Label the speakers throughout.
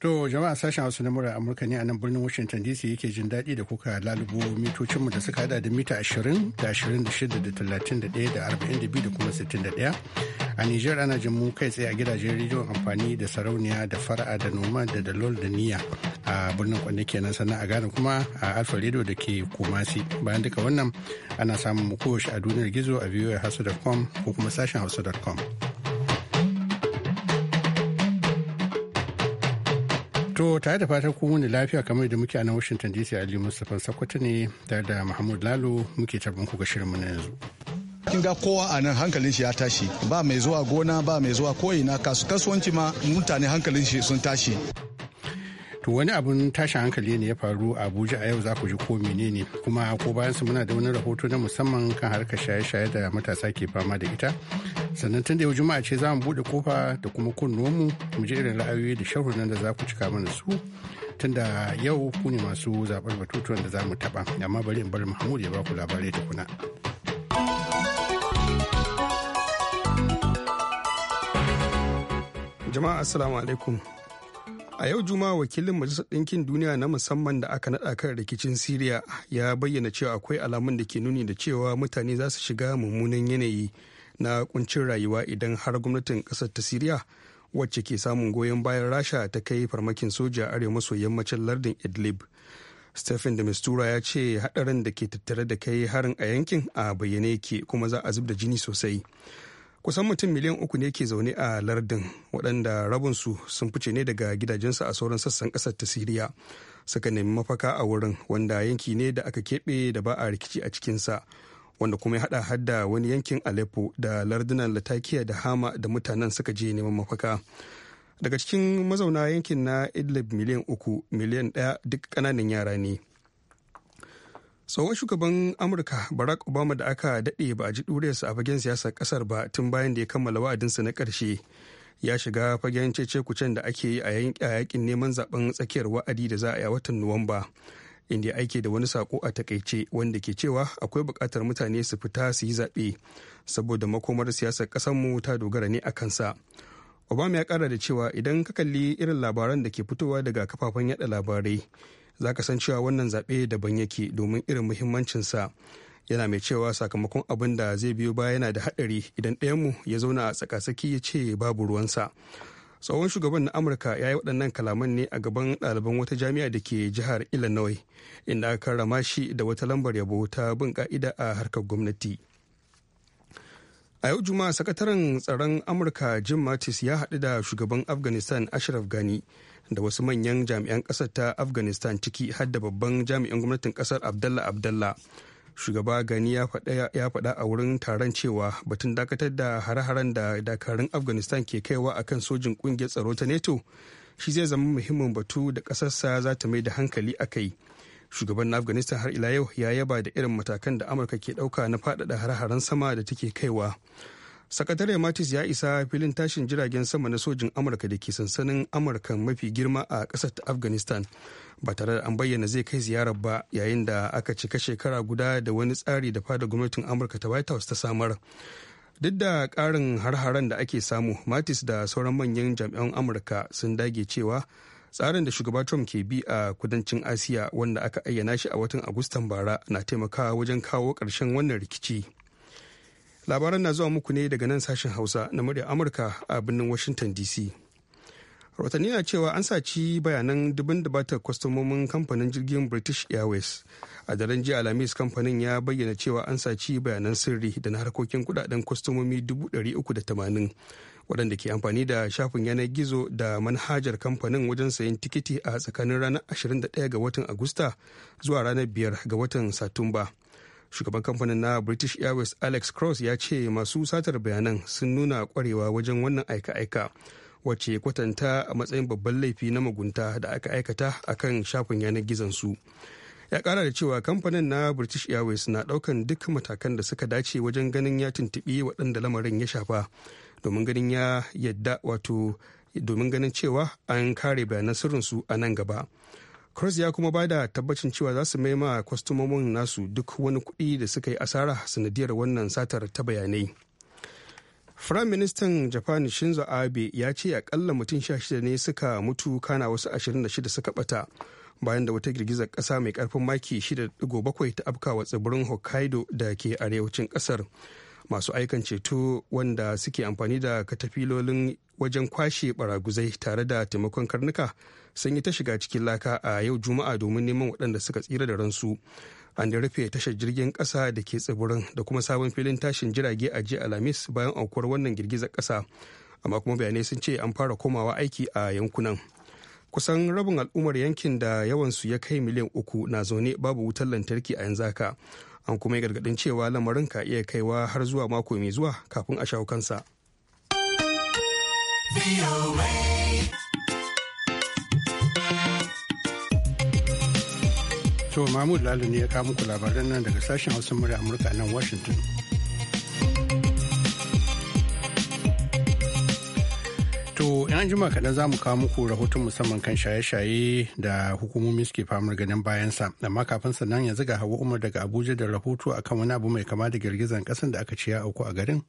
Speaker 1: To jama'a sashen Hausa na murar Amurka ne a nan birnin Washington DC yake jin daɗi da kuka lalubo mitocinmu da suka hada da mita 20 da 26 da 31 da 42 da kuma 61. A Nijar ana jin mu kai tsaye a gidajen rediyon amfani da sarauniya da fara'a da noma da dalol da niyya a birnin kwanne kenan sannan a Ghana kuma a Alfa Radio da ke Kumasi. Bayan duka wannan ana samun mu kowace a duniyar gizo a voahasu.com ko kuma sashen hausa.com. To tare da fatan ku ne lafiya kamar da muke a nan Washington DC Ali Mustapha sakwata ne tare da Mahmud Lalo muke tarbin ku ga shirinmu na yanzu. kin ga kowa a nan hankalin shi ya tashi ba mai zuwa gona ba mai zuwa ko'ina kasu kasuwanci ma mutane hankalin shi sun tashi to wani abun tashin hankali ne ya faru a abuja a yau za ku ji ko menene kuma ko bayan su muna da wani rahoto na musamman kan harkar shaye-shaye da matasa ke fama da ita sannan tun da yau juma'a ce za mu buɗe kofa da kuma kunnuwanmu mu je irin ra'ayoyi da shahunan da za ku cika mana su tun da yau ku ne masu zaɓar batutuwan da za mu taɓa amma bari in bar mahmud ya ba ku labarai da kuna.
Speaker 2: jama'a assalamu alaikum a yau juma'a wakilin majalisar ɗinkin duniya na musamman da aka naɗa kan rikicin siriya ya bayyana cewa akwai alamun da ke nuni da cewa mutane za su shiga mummunan yanayi na kuncin rayuwa idan har gwamnatin kasar ta siriya wacce ke samun goyon bayan rasha ta kai farmakin soja arewa maso yammacin lardin idlib stephen da mistura ya ce hadarin da ke tattare da kai harin a yankin a bayyane yake kuma za a zub da jini sosai kusan mutum miliyan uku ne ke zaune a lardin waɗanda rabinsu sun fice ne daga gidajensu a sauran sassan ƙasar ta siriya suka nemi mafaka a wurin wanda yanki ne da aka keɓe da ba a rikici a cikinsa wanda kuma ya hada hadda wani yankin aleppo da lardunan latakia da hama da mutanen suka je neman mafaka daga cikin mazauna yankin na idlib miliyan uku miliyan daya duk kananan yara ne tsohon shugaban amurka barack obama da aka daɗe ba a ji ɗuriyarsa a fagen siyasar ƙasar ba tun bayan da ya kammala wa'adinsa na ƙarshe ya shiga fagen cece kucen da ake yi a yakin neman zaben tsakiyar wa'adi da za a yi a watan nuwamba inda ya aike da wani sako a takaice wanda ke cewa akwai bukatar mutane su fita su yi zaɓe saboda makomar siyasar ƙasarmu ta dogara ne a kansa obama ya kara da cewa idan ka kalli irin labaran da ke fitowa daga kafafen yada labarai za ka san cewa wannan zaɓe daban yake domin irin muhimmancinsa yana mai cewa sakamakon abin da zai biyo baya yana da haɗari idan ɗayanmu ya zauna a tsakasaki ya ce babu ruwansa tsohon shugaban na amurka ya yi waɗannan kalaman ne a gaban ɗaliban wata jami'a da ke jihar illinois inda aka rama shi da wata lambar yabo ta bin ka'ida a harkar gwamnati a yau juma'a sakataren tsaron amurka jim mattis ya haɗu da shugaban afghanistan ashraf gani da wasu manyan jami'an ƙasar ta afghanistan ciki har da babban jami'an gwamnatin ƙasar abdallah abdallah shugaba gani ya faɗa a wurin taron cewa batun dakatar da hare-haren da dakarun afghanistan ke kaiwa akan sojin ƙungiyar tsaro ta neto shi zai zama muhimmin batu da ƙasarsa za ta mai da hankali a kai shugaban na afghanistan har ila yau ya yaba da irin matakan da amurka ke ɗauka na faɗaɗa hare-haren sama da take kaiwa sakatare matis ya isa filin tashin jiragen sama na sojin amurka da ke sansanin amurka mafi girma a ƙasar ta afghanistan ba tare da an bayyana zai kai ziyarar ba yayin da aka cika shekara guda da wani tsari da fada gwamnatin amurka ta white house ta samar duk da karin har-haren da ake samu matis da sauran manyan jami'an amurka sun dage cewa tsarin da shugaba trump ke bi a kudancin asiya wanda aka ayyana shi a watan agustan bara na taimakawa wajen kawo ƙarshen wannan rikici labaran na zuwa muku ne daga nan sashen hausa na murya amurka a birnin washington dc rahotanni na cewa an saci bayanan dubin dubatar kwastomomin kamfanin jirgin british airways a daren jiya alhamis kamfanin ya bayyana cewa an saci bayanan sirri da na harkokin kudaden kwastomomi 380 waɗanda ke amfani da shafin yanar gizo da manhajar kamfanin wajen sayan tikiti a tsakanin ranar 21 ga watan agusta zuwa ranar 5 ga watan satumba shugaban kamfanin na british airways alex cross ya ce masu satar bayanan sun nuna kwarewa wajen wannan aika-aika wacce kwatanta a matsayin babban laifi na mugunta da aka aikata a kan shafin yanar gizon ya kara da cewa kamfanin na british airways na daukan duk matakan da suka dace wajen ganin ya tuntuɓi waɗanda lamarin ya shafa domin ganin ya yadda wato domin ganin cewa an kare bayanan sirrinsu a nan gaba Cross ya kuma bada tabbacin cewa za su maima kwastomomin nasu duk wani kuɗi da suka yi asara sanadiyar wannan satar ta bayanai. Firaministan Japan Shinzo Abe ya ce akalla mutum 16 ne suka mutu kana wasu 26 suka bata bayan da wata girgizar ƙasa mai karfin maki 6.7 ta afkawa tsibirin Hokkaido da ke arewacin ƙasar. Masu aikan ceto wanda suke amfani da katafilolin wajen kwashe baraguzai tare da taimakon karnuka sun yi ta shiga cikin laka a yau juma'a domin neman waɗanda suka tsira da ransu. an da rufe tashar jirgin ƙasa da ke tsibirin da kuma sabon filin tashin jirage a jiya alhamis bayan aukuwar wannan girgizar ƙasa amma kuma bayanai sun ce an fara komawa aiki a yankunan kusan rabin al'ummar yankin da yawansu ya kai miliyan uku na zaune babu wutar lantarki a yanzu haka an kuma yi gargadin cewa lamarin ka iya kaiwa har zuwa mako mai zuwa kafin a shawo kansa. To
Speaker 1: Mahmud Lalo ne ya kawo muku labaran nan daga sashen Hausa murya Amurka nan Washington. To yan jima kaɗan za mu kawo muku rahoton musamman kan shaye-shaye da hukumomi suke famar ganin bayansa. Amma kafin sannan yanzu ga Hawa Umar daga Abuja da rahoto akan wani abu mai kama da girgizan ƙasan da aka ya auku a garin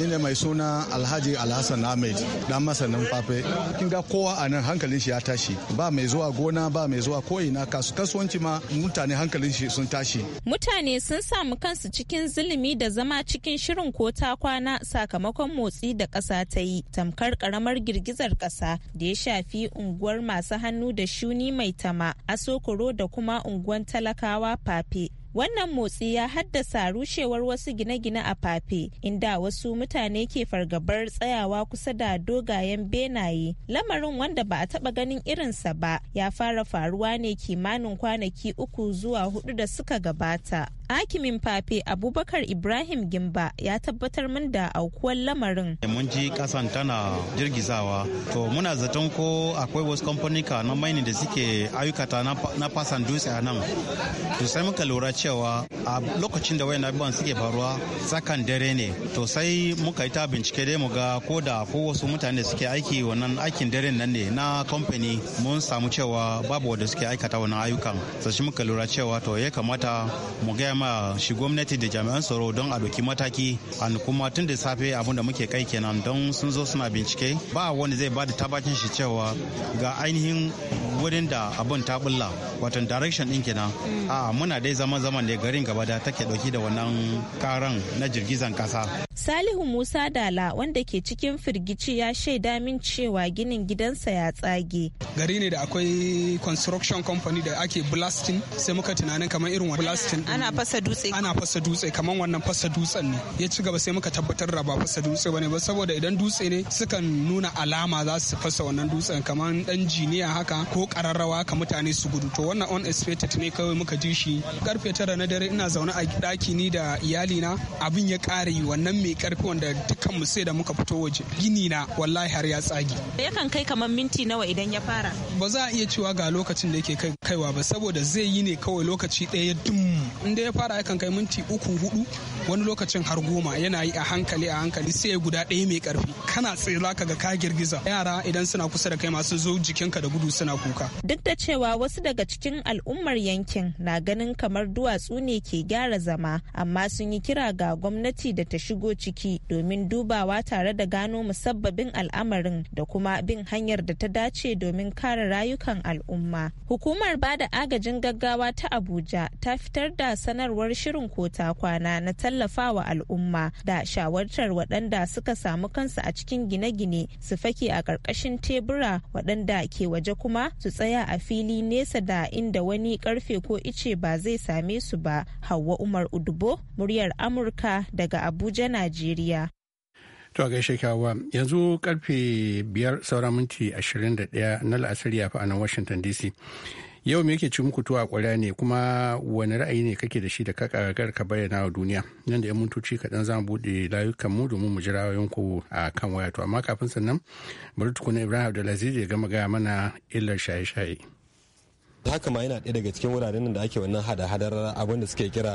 Speaker 1: ni ne mai suna alhaji alhassan ahmed dan masanin fafe kin ga kowa a nan hankalin shi ya tashi ba mai zuwa gona ba mai zuwa ko'ina kasu kasuwanci ma mutane hankalin shi sun tashi
Speaker 3: mutane sun samu kansu cikin zulumi da zama cikin shirin ko ta kwana sakamakon motsi da ƙasa ta yi tamkar ƙaramar girgizar ƙasa da ya shafi unguwar masu hannu da shuni mai tama asokoro da kuma unguwar talakawa fafe Wannan motsi ya haddasa rushewar wasu gine-gine a fafe, inda wasu mutane ke fargabar tsayawa kusa da dogayen benaye. Lamarin wanda ba a taba ganin irinsa ba ya fara faruwa ne kimanin kwanaki uku zuwa hudu da suka gabata. hakimin fafe abubakar ibrahim gimba ya tabbatar min da aukuwar lamarin
Speaker 1: mun ji kasan tana jirgizawa to muna zaton ko akwai wasu kamfanika na maini da suke ayyukata na fasan dutse a nan to sai muka lura cewa a lokacin da wayan abubuwan suke faruwa tsakan dare ne to sai muka yi ta bincike dai mu ga ko da ko wasu mutane da suke aiki wannan aikin dare nan ne na kamfani mun samu cewa babu wanda suke aikata wannan ayyukan sai muka lura cewa to ya kamata mu ga ma shi gwamnati da jami'an tsaro don a doki mataki an kuma tun da safe abun da muke kai kenan don sun zo suna bincike ba wani zai bada tabbacin shi cewa ga ainihin wurin da abin ta bulla wato direction din kenan mm. a muna dai zaman zaman da garin gaba da take dauki da wannan karan
Speaker 2: na girgizan kasa
Speaker 3: Salihu Musa Dala wanda ke cikin firgici ya shaida min cewa ginin gidansa ya tsage
Speaker 2: gari ne da akwai construction company da ake blasting sai muka tunanin kamar irin wannan blasting ana fasa dutse ana fasa dutse kaman wannan fasa dutsen ne ya ci gaba sai muka tabbatar da ba fasa dutse bane ba saboda idan dutse ne sukan nuna alama za su fasa wannan dutsen kaman dan jiniya haka ko kararrawa ka mutane su gudu to wannan on expected ne kawai muka ji shi karfe tara na dare ina zaune a daki ni da iyalina abin ya kare wannan mai karfi wanda dukkan mu sai da muka fito waje gini na wallahi har ya tsage
Speaker 3: yakan kai kaman minti nawa idan ya fara
Speaker 2: ba za a iya cewa ga lokacin da yake kaiwa ba saboda zai yi ne kawai lokaci ɗaya dum inda ya fara yakan kai minti uku hudu wani lokacin har goma yana yi a hankali a hankali sai ya guda ɗaya mai karfi kana tsaye ka ga ka girgiza yara idan suna kusa da kai masu zo jikinka da gudu suna kuka
Speaker 3: duk da cewa wasu daga cikin al'ummar yankin na ganin kamar duwatsu ne ke gyara zama amma sun yi kira ga gwamnati da ta shigo ciki domin dubawa tare da gano musabbabin al'amarin da kuma bin hanyar da ta dace domin kare rayukan al'umma hukumar bada agajin gaggawa ta abuja ta fitar da sanar sanarwar shirin kota kwana na tallafawa al'umma da shawartar waɗanda suka samu kansu a cikin gine-gine su fake a ƙarƙashin tebura waɗanda ke waje kuma su tsaya a fili nesa da inda wani ƙarfe ko ice ba zai same su ba hawa umar udubo muryar amurka daga abuja najeriya
Speaker 1: To a gaishe yanzu karfe biyar saura minti 21 na la'asar yafi a nan Washington DC. yau me yake ci muku tuwa kwarya ne kuma wani ra'ayi ne kake da shi da kakar ka bayyana wa duniya nan da 'yan mintoci kaɗan za mu buɗe layukan mu domin mu jira ku a kan waya to amma kafin sannan bari tukuna ibrahim abdulaziz ya gama gaya mana illar shaye-shaye.
Speaker 4: haka ma yana ɗaya daga cikin wuraren nan da ake wannan hada-hadar abin da suke kira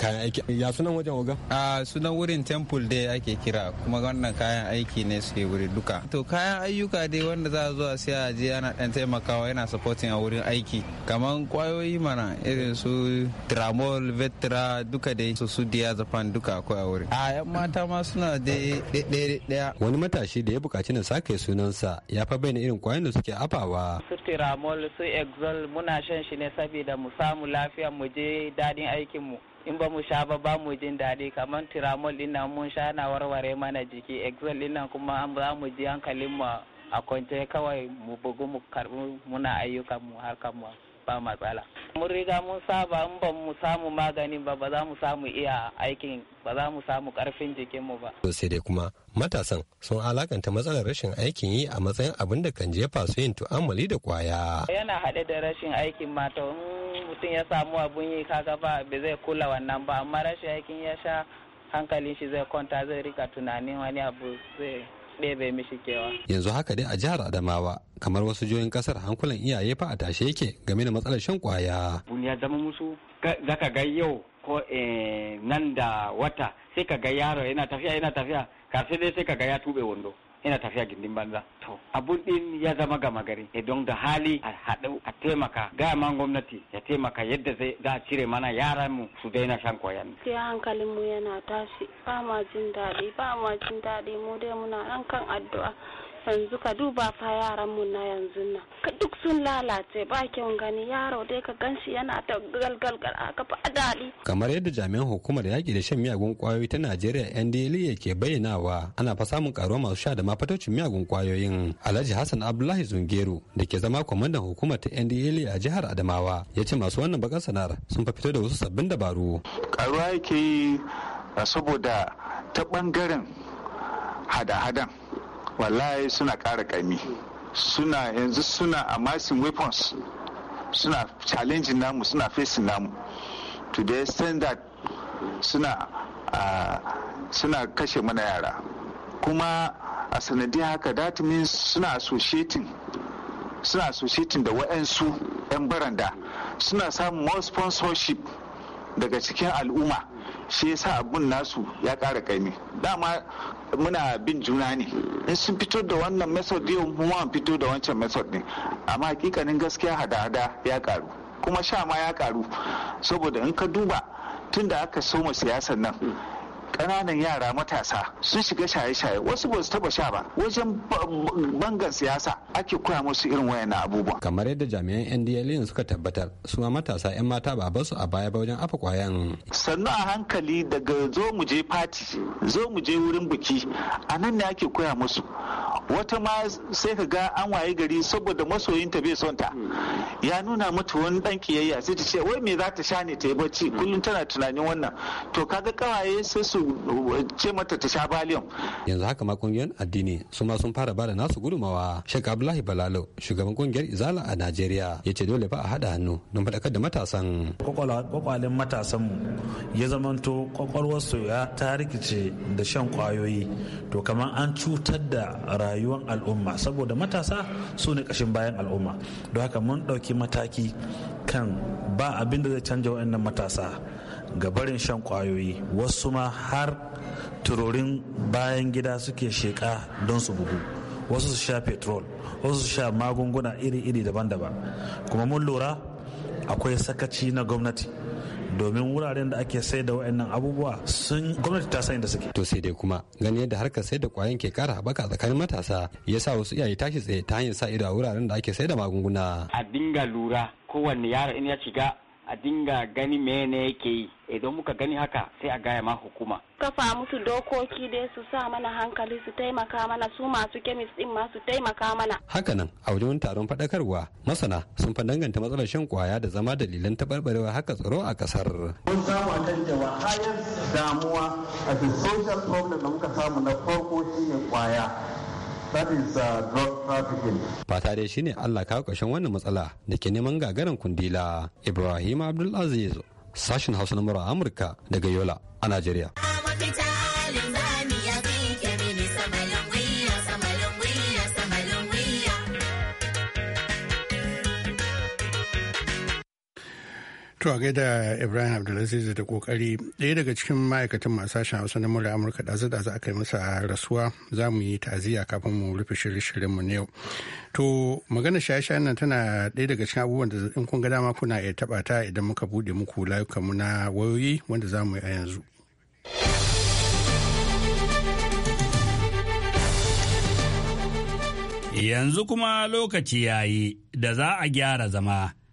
Speaker 4: kayan aiki ya sunan wajen oga a sunan wurin temple dai ake kira kuma wannan kayan aiki ne suke wuri duka to kayan ayyuka dai wanda za a zo a siya a je ana ɗan taimakawa yana supporting a wurin aiki kamar kwayoyi mana irin su tramol vetra duka dai su su zafan duka akwai a wurin a yan mata ma suna dai ɗaya wani matashi da ya buƙaci na sake sunansa ya fa bayyana irin kwayoyin da suke afawa
Speaker 5: su tramol su exol muna shan shi ne saboda mu samu lafiya mu je daɗin aikin mu in ba mu sha ba ba mu jin daɗi kamar tiramol din nan mun sha na warware mana jiki exol din nan kuma an ba mu ji hankalin mu a kwance kawai mu bugu mu karbi muna ayyukan mu harkar mu ba matsala
Speaker 6: mun riga mun saba in ba mu samu maganin ba ba za mu samu iya aikin ba za mu
Speaker 5: samu karfin jikinmu ba
Speaker 4: sai dai kuma matasan sun alakanta matsalar rashin aikin yi a matsayin abin da kan jefa su yin tu'amali da kwaya
Speaker 5: yana haɗe da rashin aikin mata in mutum ya samu abun yi kaga ba ba zai kula wannan ba amma rashin aikin ya sha hankalin shi zai kwanta zai rika tunanin wani abu zai ɗebe mishi kewa.
Speaker 4: Yanzu haka dai a jihar Adamawa kamar wasu jihohin kasar hankulan iyaye fa a tashe yake game da matsalar shan kwaya.
Speaker 6: Ya zama musu zaka ga yau ko eh, nan da wata sai ka ga yaro yana tafiya yana tafiya kafin dai sai ka ga ya tube wando. ina tafiya gindin banza to abun din ya zama gama gari idan eh, da hali a haɗu a taimaka ga man gwamnati ya taimaka yadda zai za a cire mana yaran mu su daina shan koyan
Speaker 3: sai hankalin mu yana tashi ba ma jin daɗi ba ma jin daɗi mu dai muna nan kan addu'a yanzu ka duba fa yaran mu na yanzu nan ka duk sun lalace ba kyau gani yaro dai ka ganshi yana ta galgal a kafa adali
Speaker 4: kamar yadda jami'an hukumar yaki da shan miyagun kwayoyi ta Najeriya NDLEA ke bayyanawa ana fa samun karuwa masu sha da mafatocin miyagun kwayoyin Alhaji Hassan Abdullahi Zungeru da ke zama kwamandan hukumar ta NDLEA a jihar Adamawa ya ce masu wannan bakar sana'ar sun fa fito da wasu sabbin dabaru
Speaker 7: karuwa yake saboda ta bangaren hada-hadan wallahi suna ƙara ƙami suna yanzu suna amassing weapons suna challenging namu suna facing namu to the extent that suna ah, suna kashe mana yara kuma a sanadiyar haka that means suna associating suna associating da waɗansu 'yan baranda suna samun more sponsorship daga cikin al'umma shi sa abun nasu ya kara kaimi dama muna bin juna ne in sun fito da wannan method yau mu fito da wancan method ne amma hakikanin gaskiya hada-hada ya karu kuma sha ma ya karu saboda in ka duba tun da aka soma siyasar nan ƙananan yara matasa sun shiga shaye-shaye wasu ba su taba sha ba wajen bangan siyasa ake koya musu irin wayannan
Speaker 4: abubuwa. kamar yadda jami'an ndla suka tabbatar su ma matasa 'yan mata ba basu a baya ba wajen afa kwayan
Speaker 7: sannu a hankali daga zo mu je fati zo mu je wurin biki a nan ne ake koya musu wata ma sai ka ga an waye gari saboda masoyinta bai son ta ya nuna mata wani dan kiyayya sai ta ce wai me za ta sha ne ta yi bacci kullum tana tunanin wannan to kaga kawaye sai su ce mata ta sha baliyon.
Speaker 4: yanzu haka ma kungiyoyin addini su ma sun fara bada nasu gudumawa shek abdullahi balalo shugaban kungiyar izala a najeriya ya ce dole ba a haɗa hannu don faɗakar da matasan kwakwalen matasan mu ya zamanto su ya ta rikice da shan kwayoyi to kamar an cutar da rayuwar al'umma saboda matasa su ne kashin bayan al'umma don haka mun ɗauki mataki kan ba abin da zai canja waɗannan matasa ga barin shan kwayoyi wasu ma har turorin bayan gida suke sheka don su bugu wasu su sha petrol wasu su sha magunguna iri-iri daban-daban kuma mun lura akwai sakaci na gwamnati domin wuraren da ake sai da wa'annan abubuwa sun gwamnati ta sani da suke. To sai dai kuma gani yadda harka sai da kwayan ke kara haɓaka tsakanin matasa ya sa wasu iyaye tashi tsaye ta hanyar sa ido a wuraren da ake sai da magunguna.
Speaker 6: A dinga lura kowanne yaro in ya shiga a dinga gani mene yake yi idan muka gani haka sai a gaya ma hukuma
Speaker 3: kafa musu dokoki dai su sa mana hankali su taimaka mana su masu kemis din masu taimaka mana
Speaker 4: hakanan a wajen taron faɗakarwa masana sun fa danganta matsalar shan kwaya da zama dalilan taɓarɓarewa haka tsaro a ƙasar
Speaker 6: mun samu kan cewa damuwa a social problem da muka samu na farko shine kwaya
Speaker 4: Fata dai shine Allah kawo ƙarshen wannan matsala da ke neman gagarin kundila Ibrahim Abdulaziz sashen Hausa na Amurka daga Yola a Najeriya.
Speaker 1: To a gaida Ibrahim Abdulaziz da kokari ɗaya daga cikin ma'aikatan masu sashen Hausa na murar Amurka ɗazu ɗazu aka yi masa rasuwa za mu yi ta'aziyya kafin mu rufe shirye-shiryenmu na yau. To magana shaye shaye nan tana ɗaya daga cikin abubuwan da in kun ga dama kuna iya taɓa ta idan muka buɗe muku mu na wayoyi wanda za mu yi a yanzu.
Speaker 8: Yanzu kuma lokaci yayi da za a gyara zama.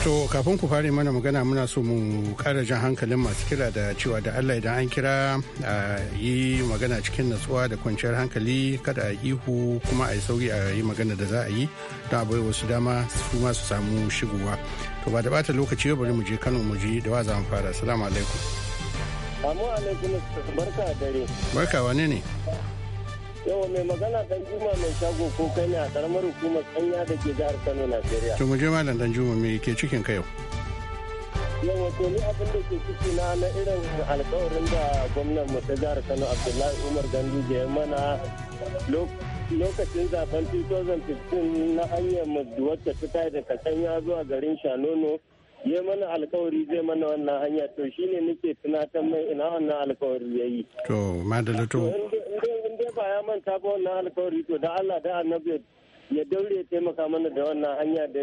Speaker 1: To kafin ku fara mana magana muna so mu kara jan hankalin masu kira da cewa da Allah idan an kira a yi magana cikin natsuwa da kwanciyar hankali kada a ihu kuma a yi sauri a yi magana da za a yi don a bai wasu dama su ma su samu shigowa. To ba da bata lokaci bari mu je Kano mu je da wa za mu fara. Assalamu alaikum.
Speaker 8: Assalamu alaikum barka dare.
Speaker 1: Barka wane ne?
Speaker 8: Yau mai magana dan juma mai shago ko kai ne a karamar hukumar kanya da ke jihar Kano Najeriya. To
Speaker 1: mu je malam dan juma me ke cikin ka yau?
Speaker 8: Yau to ni abin da ke ciki na na irin alƙawarin da gwamnan mu ta jihar Kano Abdullahi Umar Ganduje ya mana lokacin zaben 2015 na hanyar wacce ta yi daga tsanya zuwa garin Shanono ya mana alkawari zai mana wannan hanya to shine nake tunatar mai ina wannan alkawari yayi
Speaker 1: to madalla to
Speaker 8: in dai ba ya manta ba wannan alkawari to da Allah da annabi ya daure ya taimaka mana da wannan hanya da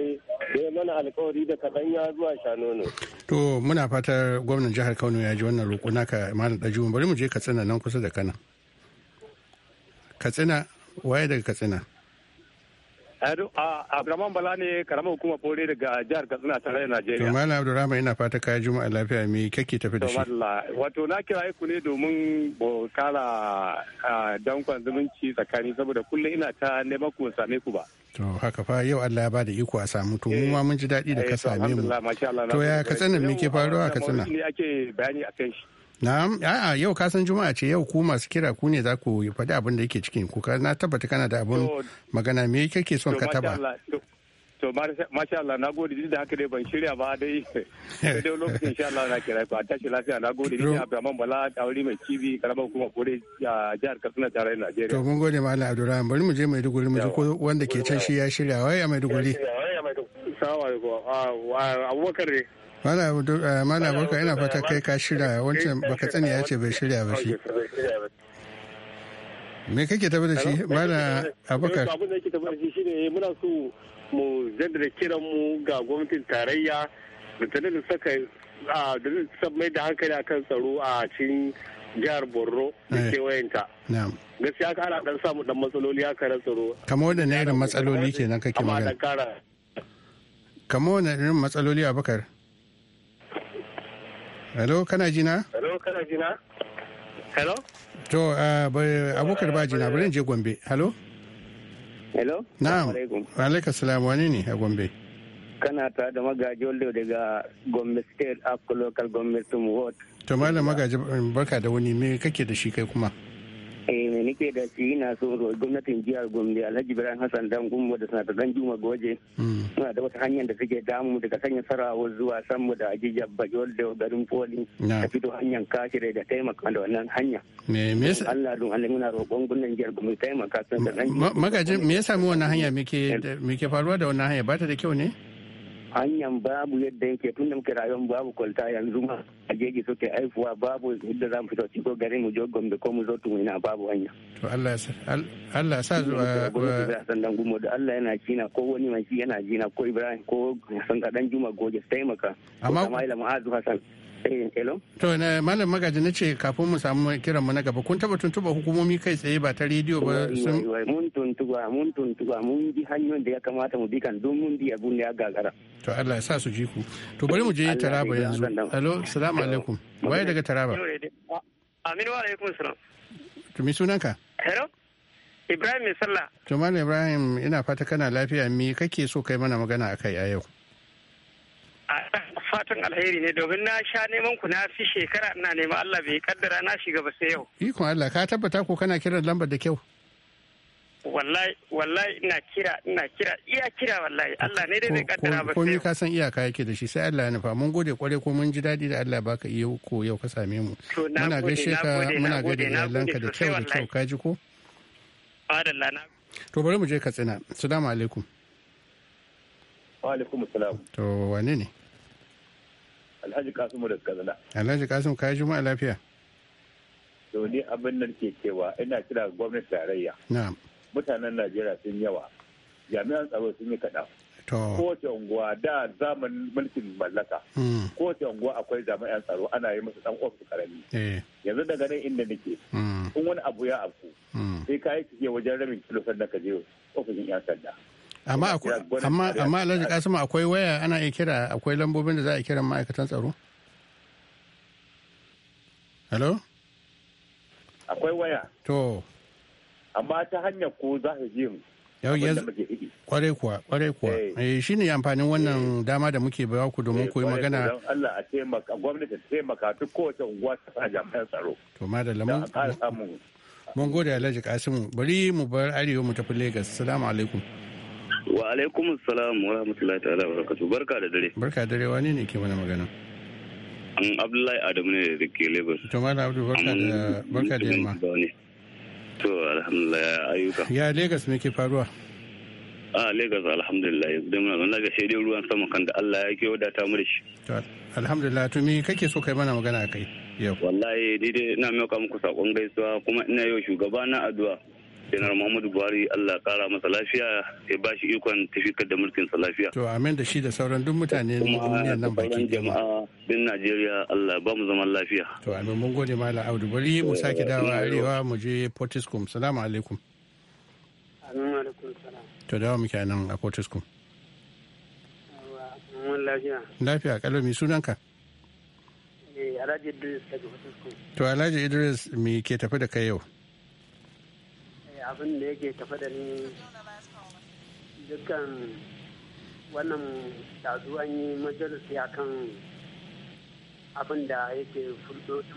Speaker 8: ya mana alkawari da kaɗan ya zuwa shanono.
Speaker 1: To muna fatar gwamnan jihar Kano ya ji wannan roƙo naka Malam Dajuwan bari mu je Katsina nan kusa da Kana. Katsina waye daga Katsina?
Speaker 8: Abdurrahman Bala ne karamar hukumar bore daga jihar Katsina tare da Najeriya. To Malam
Speaker 1: Abdurrahman ina fata ka juma'a lafiya me kake tafi da shi?
Speaker 8: wato na kira ku ne domin kara dankon zumunci tsakani saboda kullum ina ta neman ku same ku ba.
Speaker 1: To haka fa yau Allah ya bada iko a samu to mu ma mun ji daɗi da ka eh, eh, same
Speaker 8: mu. To ya Katsina me ke faruwa a Katsina? Ne ake bayani akan shi.
Speaker 1: Na'am, a'a yau ka san Juma'a ce yau ku masu kira ku ne za ku faɗi abin da yake cikin ku. Na tabbata kana da abun magana me kake son ka taba.
Speaker 8: To masha Allah na gode da haka dai ban shirya ba dai dai lokacin insha Allah na kira ba tashi lafiya na gode ni Abdulrahman Bala Tauri mai kibi karamar kuma Kore jihar Katsina tarayyar Najeriya. To mun
Speaker 1: gode Malam Abdulrahman bari mu je mai duguri mu ji ko wanda ke can shi ya shirya wai a Maiduguri.
Speaker 8: Assalamu alaikum. Ah, Abubakar ne.
Speaker 1: Mala eh, Abubakar yana fata kai ka shirya wancan baka tsani ya ce bai shirya ba shi. Me kake tafi da shi? Mala Abubakar. Abin
Speaker 8: da yake tafi da shi shine eh, muna so mu jaddada kiran mu ga gwamnatin tarayya da ta nuna saka a da mai da hankali akan tsaro a cikin jihar Borno da eh. kewayenta. Gaskiya ka ana dan samu dan matsaloli haka na tsaro.
Speaker 1: Kamar na irin matsaloli kenan kake magana? Kamar wadanne irin matsaloli Abubakar? hello kana jina
Speaker 8: hello kana jina hello
Speaker 1: to uh, abokar ba jina bari je gombe hello hello na'am alaikum salam wani ne a gombe
Speaker 6: kana ta da magaji wanda daga gombe state up local government ward
Speaker 1: to malam magaji barka da wani me kake da shi kai kuma
Speaker 6: eh me nake da shi ina so gwamnatin jihar Gombe Alhaji Ibrahim Hassan dan Gumbo da sanata dan Juma Goje hmm. suna da wata hanyar da suke damu daga sanya sarawa zuwa sanmu da ajija bajol da garin poli ta fito hanyar kashire da taimaka da wannan hanya me me yasa eh, Allah don Allah muna roƙon gwamnatin jihar Gombe taimaka san magaji me
Speaker 1: yasa mu wannan hanya muke muke faruwa da wannan hanya ba ta da kyau ne
Speaker 6: hanyar babu yadda yake tunda muke rayuwar babu kwalta yanzu ma a jeji suke aifuwa babu yadda za mu fito ciko garin mu jogon da ko mu zo ina babu hanya.
Speaker 1: to Allah ya sa Allah ya sa zuwa gwamnati
Speaker 6: da gumo da Allah yana jina ko wani mai yana jina ko Ibrahim ko san kadan Juma goje taimaka. amma Ismaila Ma'azu Hassan Eh,
Speaker 1: to malam magaji na ce kafin mu samu kiran mu na gaba kun taba tuntuba hukumomi kai tsaye ba ta rediyo ba sun mun
Speaker 6: tuntuba mun tuntuba mun bi hanyoyin da ya kamata mu bi kan don mun bi abun ya gagara.
Speaker 1: To Allah ya sa su ji ku. To bari mu je Taraba yanzu. Alo, salamu alaikum. Waye daga Taraba?
Speaker 6: Aminu wa alaikum salam.
Speaker 1: To mi sunanka? Hello.
Speaker 6: Ibrahim mai sallah.
Speaker 1: To malam Ibrahim ina fata kana lafiya me kake so kai mana magana akai a yau?
Speaker 6: fatan alheri ne domin na sha neman ku na fi shekara ina nema Allah bai kaddara na shiga ba sai yau.
Speaker 1: Ikon Allah ka tabbata ko kana kiran lambar da kyau.
Speaker 6: Wallahi wallahi ina kira ina kira iya kira wallahi Allah ne dai bai kaddara ba sai. Komai
Speaker 1: ka san iyaka yake da shi sai Allah ya nufa mun gode kware ko mun ji daɗi da Allah baka iya ko yau ka same mu. Muna gaishe ka muna gaida lanka da kyau da kyau ka ji ko. Adalla na. To bari mu je Katsina. Assalamu alaikum.
Speaker 8: Wa alaikum assalam.
Speaker 1: To wane ne?
Speaker 8: alhaji kasimu da kazana
Speaker 1: alhaji kasimu kayi juma'a lafiya
Speaker 8: to ni abin nan ke cewa ina kira gwamnati tarayya mutanen najeriya sun yawa jami'an tsaro sun yi kaɗan kowace unguwa da zamanin mulkin mallaka hmm. kowace unguwa akwai jami'an tsaro ana yi masa dan ofis karami eh. yanzu daga nan inda nake hmm. in wani abu ya afku hmm. sai ka yi wajen rabin kilo sannan ka je ofishin yan sanda
Speaker 1: amma amma amma alhaji kasima akwai waya ana iya kira akwai lambobin da za a kira ma'aikatan tsaro hello akwai waya to
Speaker 8: amma ta hanyar ko za su ji mu
Speaker 1: kwarai kuwa kwarai kuwa eh. Eh, shi ne amfanin wannan eh. dama da muke bawa ku domin koyi magana
Speaker 8: Allah a taimaka gwamnati taimaka duk kowace unguwa ta sa jami'an tsaro
Speaker 1: to madalla mun mun gode Alhaji Kasimu bari mu bar arewa mu tafi Lagos assalamu alaikum
Speaker 8: Wa
Speaker 6: alaikum salam wa rahmatullahi ta'ala wa barakatu. Barka da dare.
Speaker 1: Barka da dare wani ne ke mana magana?
Speaker 6: An Abdullahi Adamu ne da ke Lagos.
Speaker 1: To mana Abdu barka da barka da yamma.
Speaker 6: To alhamdulillah ayyuka.
Speaker 1: Ya Lagos me ke faruwa?
Speaker 6: A Lagos alhamdulillah da muna nan ga sai dai ruwan sama kan da Allah ya ke wadata mu da shi.
Speaker 1: To alhamdulillah to me kake so kai mana magana kai? Yau.
Speaker 6: Wallahi dai dai ina miƙa muku sakon gaisuwa kuma ina yau shugaba na addu'a. janar muhammadu buhari allah kara masa lafiya ya ba shi ikon tafikar da mulkin sa lafiya
Speaker 1: to amin da shi da sauran duk mutane duniyar nan baki
Speaker 6: jama'a din najeriya allah ba mu zaman lafiya
Speaker 1: to amin mun gode mala audu bari mu eh, sake dawa arewa mu je portiscom salamu alaikum to dawa muke nan a portiscom lafiya kalomi sunanka
Speaker 6: eh, Alhaji Idris daga Portiscom.
Speaker 1: To Alhaji Idris me ke tafi da kai yau?
Speaker 6: abin da yake tafi da ni dukkan wannan dazu an yi majalisi a kan abin da yake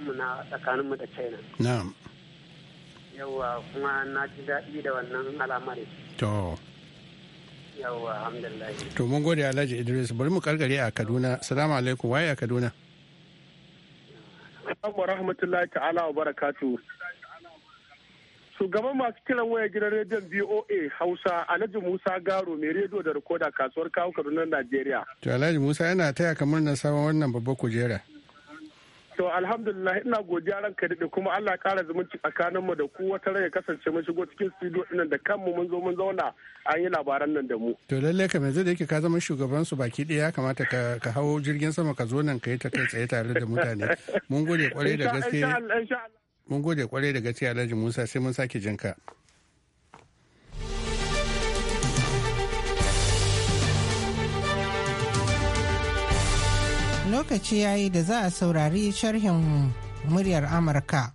Speaker 6: mu na tsakaninmu da china na'am yawa kuma na ji daɗi da wannan al'amari to yawa alhamdulillah to
Speaker 1: mun gode alhaji idris bari mu karkare a kaduna salamu alaikum waye a kaduna
Speaker 8: wa rahmatullahi ta'ala wa barakatu. Shugaban masu kiran waya gidan rediyon voa Hausa Alhaji Musa Garo mai rediyo da rikoda kasuwar kawo Kaduna Najeriya.
Speaker 1: To Alhaji Musa yana taya kamar na sabon wannan babban kujera.
Speaker 8: To alhamdulillah ina godiya ka dade kuma Allah kara zumunci tsakanin mu da ku wata rai kasance mun shigo cikin studio ɗin da kanmu mun zo mun zauna an yi labaran nan da mu.
Speaker 1: To lalle ka zai da yake ka zama shugaban su baki ɗaya kamata ka hawo jirgin sama ka zo nan ka yi ta kai tsaye tare da mutane. Mun gode kwarai da gaske. mun gode kwarai da gaske alhaji musa sai mun sake jinka
Speaker 5: lokaci ya yi da za a saurari sharhin muryar amurka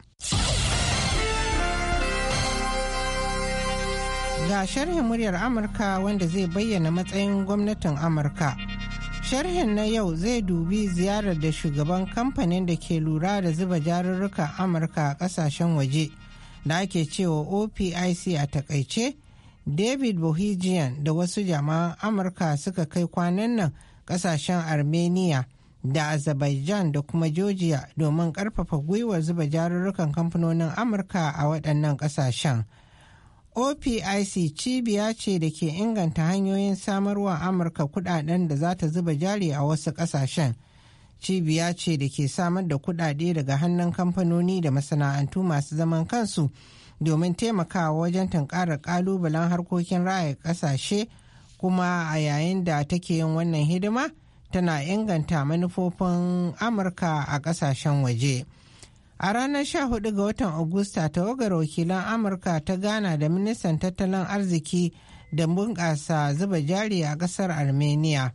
Speaker 5: ga sharhin muryar amurka wanda zai bayyana matsayin gwamnatin amurka sharhin na yau zai dubi ziyarar da shugaban kamfanin da ke lura da zuba jarurrukan amurka a kasashen waje da ake cewa opic a takaice david bohijian da wasu jama'an amurka suka kai kwanan nan kasashen armenia da azerbaijan da kuma georgia domin karfafa gwiwar zuba jarurrukan kamfanonin amurka a waɗannan kasashen. OPIC cibiya ce da ke inganta hanyoyin samarwa Amurka kudaden da za ta zuba jari a wasu kasashen. Cibiya ce da ke samar da kudade daga hannun kamfanoni da masana'antu masu zaman kansu domin taimakawa wajen tunkarar kalubalen harkokin raya kasashe kuma a yayin da take yin wannan hidima tana inganta manufofin Amurka a kasashen waje. A ranar 14 ga watan Agusta, tawagar wakilan Amurka ta gana da ministan tattalin arziki da bunƙasa zuba jari a ƙasar Armenia.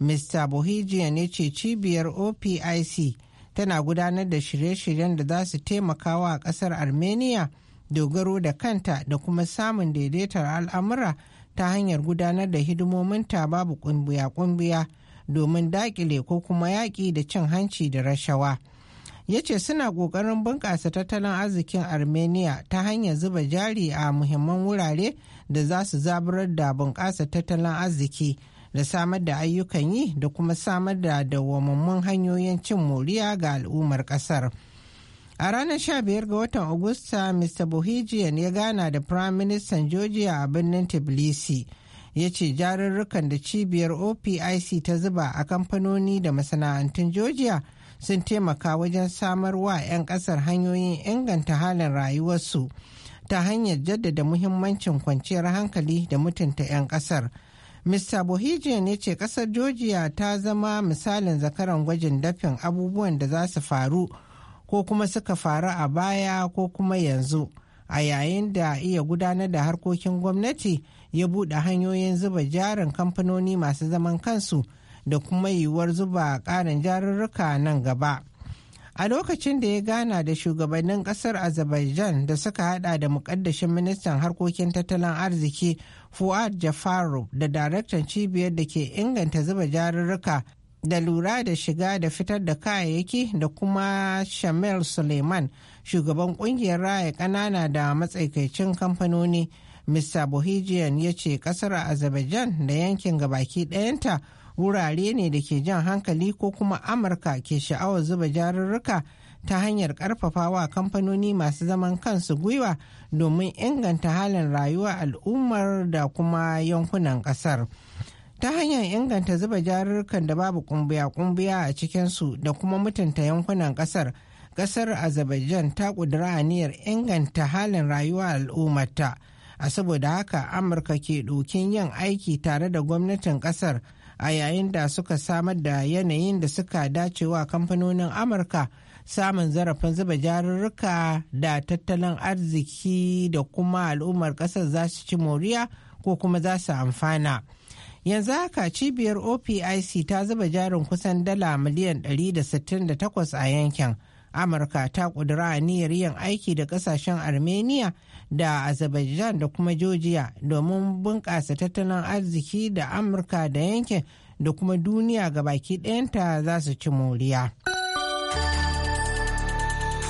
Speaker 5: Mr. Bohijian ya ce cibiyar OPIC tana gudanar da shirye-shiryen da za su taimaka wa ƙasar Armenia dogaro da kanta da kuma samun daidaitar al'amura ta hanyar gudanar da hidimomin ta babu ƙumbiya-ƙumbiya domin daƙile ko kuma yaƙi da cin hanci da rashawa. ya ce suna ƙoƙarin bunƙasa tattalin arzikin armenia ta hanyar zuba jari a muhimman wurare da za su zaburar da bunƙasa tattalin arziki da samar da ayyukan yi da kuma samar da dawwamammun hanyoyin cin moriya ga al'ummar ƙasar. A ranar 15 ga watan Agusta, Mr. Bohijian ya gana da Prime Minister Georgia a birnin Tbilisi. ya ce jarurrukan da cibiyar opic ta zuba a kamfanoni da masana'antun georgia sun taimaka wajen samar wa 'yan kasar hanyoyin inganta halin rayuwarsu ta hanyar jaddada muhimmancin kwanciyar hankali da mutunta 'yan kasar. Mr. Bohijian ya ce ƙasar Georgia ta zama misalin zakaran gwajin dafin abubuwan da za su faru ko kuma suka faru a baya ko kuma yanzu a yayin da iya gudanar da harkokin gwamnati ya buɗe hanyoyin zuba jarin kamfanoni masu zaman kansu da kuma yiwuwar zuba ƙarin jarurruka nan gaba. A lokacin da ya gana da shugabannin ƙasar Azerbaijan da suka hada da muƙaddashin ministan harkokin tattalin arziki Fuad Jafaru da daraktan cibiyar da ke inganta zuba jarurruka da lura da shiga da fitar da kayayyaki da kuma Shamil Suleiman shugaban kungiyar raya ƙanana da matsaikacin kamfanoni. Mr. Bohijian ya ce kasar Azerbaijan da yankin gabaki ɗayanta wurare ne da ke jan hankali ko kuma amurka ke sha'awar zuba jarurruka ta hanyar karfafawa kamfanoni masu zaman kansu gwiwa domin inganta halin rayuwa al'ummar da kuma yankunan kasar ta hanyar inganta zuba jarurrukan da babu kumbiya-kumbiya a cikinsu da kuma mutunta yankunan kasar kasar azerbaijan ta kudura aniyar inganta halin rayuwa al'ummarta a saboda haka amurka ke dokin yin aiki tare da gwamnatin kasar a yayin da suka samar da yanayin da suka dacewa kamfanonin amurka samun zarafin zuba jarurruka da tattalin arziki da kuma al'ummar kasar za su ci moriya ko kuma za su amfana yanzu haka cibiyar opic ta zuba jarin kusan dala miliyan 168 a yankin amurka ta kudura niyyar yin aiki da ƙasashen armenia da azerbaijan da kuma georgia domin bunkasa tattalin arziki da amurka da yankin da kuma duniya ga baki ɗayanta za su ci moriya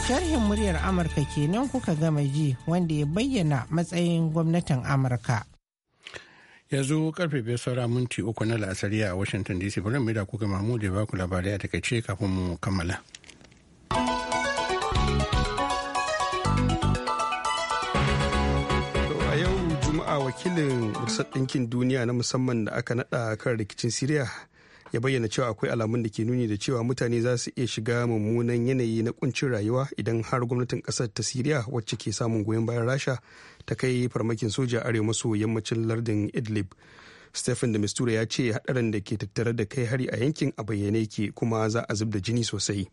Speaker 5: sharhin muryar amurka kenan kuka gama ji wanda ya bayyana matsayin gwamnatin amurka
Speaker 1: yanzu karfe biyar saura minti uku na la'asari a washington dc bari mu da kuka mamu da baku labarai a takaice kafin mu kammala
Speaker 2: a wakilin Majalisar Ɗinkin Duniya na musamman da aka naɗa kan rikicin Siriya ya bayyana cewa akwai alamun da ke nuni da cewa mutane za su iya shiga mummunan yanayi na kuncin rayuwa idan har gwamnatin ƙasar ta Siriya wacce ke samun goyon bayan Rasha ta kai farmakin soja arewa maso yammacin lardin Idlib. Stephen da Mistura ya ce haɗarin da ke tattare da kai hari a yankin a bayyane ke kuma za a zub da jini sosai.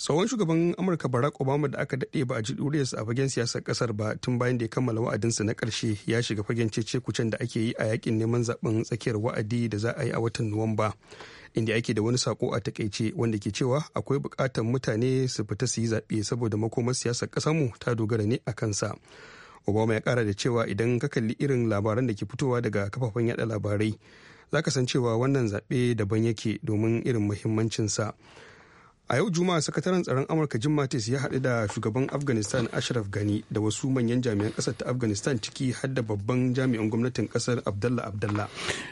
Speaker 2: tsohon shugaban amurka barack obama da aka daɗe ba a ji duriyarsa a fagen siyasar ƙasar ba tun bayan da ya kammala wa'adinsa na karshe ya shiga fagen cece kucen da ake yi a yakin neman zaben tsakiyar wa'adi da za a yi a watan nuwamba inda ake da wani sako a takaice wanda ke cewa akwai bukatar mutane su fita su yi zaɓe saboda makomar siyasar ƙasarmu ta dogara ne a kansa obama ya kara da cewa idan ka kalli irin labaran da ke fitowa daga kafafen yada labarai za ka san cewa wannan zaɓe daban yake domin irin muhimmancinsa. a yau juma'a sakataren tsaron amurka jim mattis ya haɗu da shugaban afghanistan ashraf gani da wasu manyan jami'an ƙasar ta afghanistan ciki har da babban jami'an gwamnatin ƙasar abdallah abdallah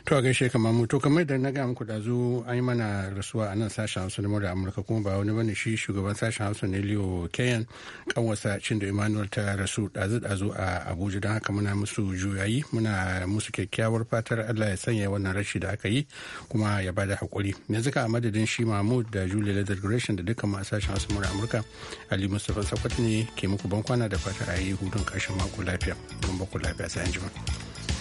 Speaker 2: to a gaishe
Speaker 1: kamar mu to kamar da na muku dazu an mana rasuwa a nan sashen hausa na mura amurka kuma ba wani bane shi shugaban sashen hausa ne leo kan kanwasa cindo emmanuel ta rasu ɗazu dazu a abuja don haka muna musu juyayi muna musu kyakkyawar fatar allah ya sanya wannan rashi da aka yi kuma ya bada hakuri yanzu ka a madadin shi mahmud da julia leather Washington da dukkan masu sashen wasu mura Amurka. Ali Mustapha Sakwat ne ke muku bankwana da fata a yi hudun kashin mako lafiya. Kun baku lafiya sai an